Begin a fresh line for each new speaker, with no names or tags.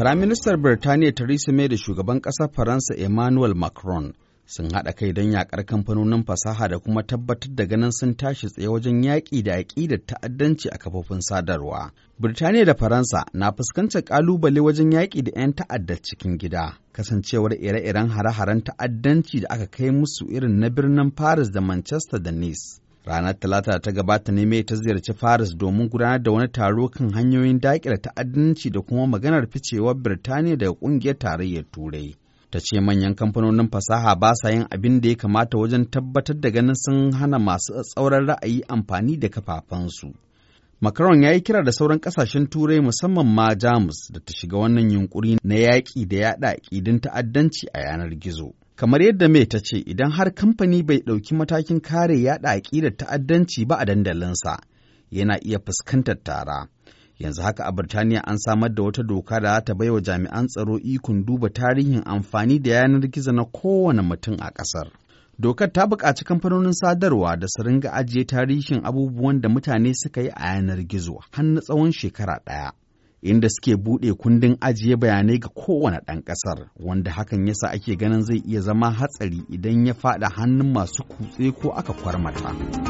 Firaministar Birtaniya Theresa May da shugaban ƙasar Faransa Emmanuel Macron sun haɗa kai don yaƙar kamfanonin fasaha da kuma tabbatar da ganin sun tashi tsaye wajen yaƙi da aƙidar ta'addanci a kafofin sadarwa. Birtaniya da Faransa na fuskantar ƙalubale wajen yaƙi da 'yan ta'adda cikin gida, kasancewar ire-iren hare-haren ta'addanci da aka kai musu irin na birnin Paris da Manchester da Nice. Ranar Talata ta gabata ne mai ta ziyarci Paris domin gudanar da wani taro kan hanyoyin daƙila ta'addanci da kuma maganar ficewar Birtaniya daga ƙungiyar tarayyar Turai. Ta ce manyan kamfanonin fasaha ba sa yin abin da ya kamata wajen tabbatar da ganin sun hana masu tsauran ra'ayi amfani da su. Macron ya yi kira da sauran kasashen Turai musamman ma Jamus da ta shiga wannan yunkuri na yaƙi da yaɗa ƙidin ta'addanci a yanar gizo. Kamar yadda Mai ta ce idan har kamfani bai ɗauki matakin kare yaɗa aƙidar ta'addanci ba a dandalinsa, yana iya fuskantar tara. Yanzu haka a Birtaniya an samar da wata doka da ta baiwa jami'an tsaro ikon duba tarihin amfani da yanar gizo na kowane mutum a ƙasar. Dokar ta buƙaci kamfanonin sadarwa da su ringa ajiye tarihin abubuwan da mutane suka yi a yanar gizo har na tsawon shekara ɗaya. inda suke buɗe kundin ajiye bayanai ga kowane ɗan ƙasar wanda hakan yasa ake ganin zai iya zama hatsari idan ya faɗa hannun masu kutse ko aka kwarmata.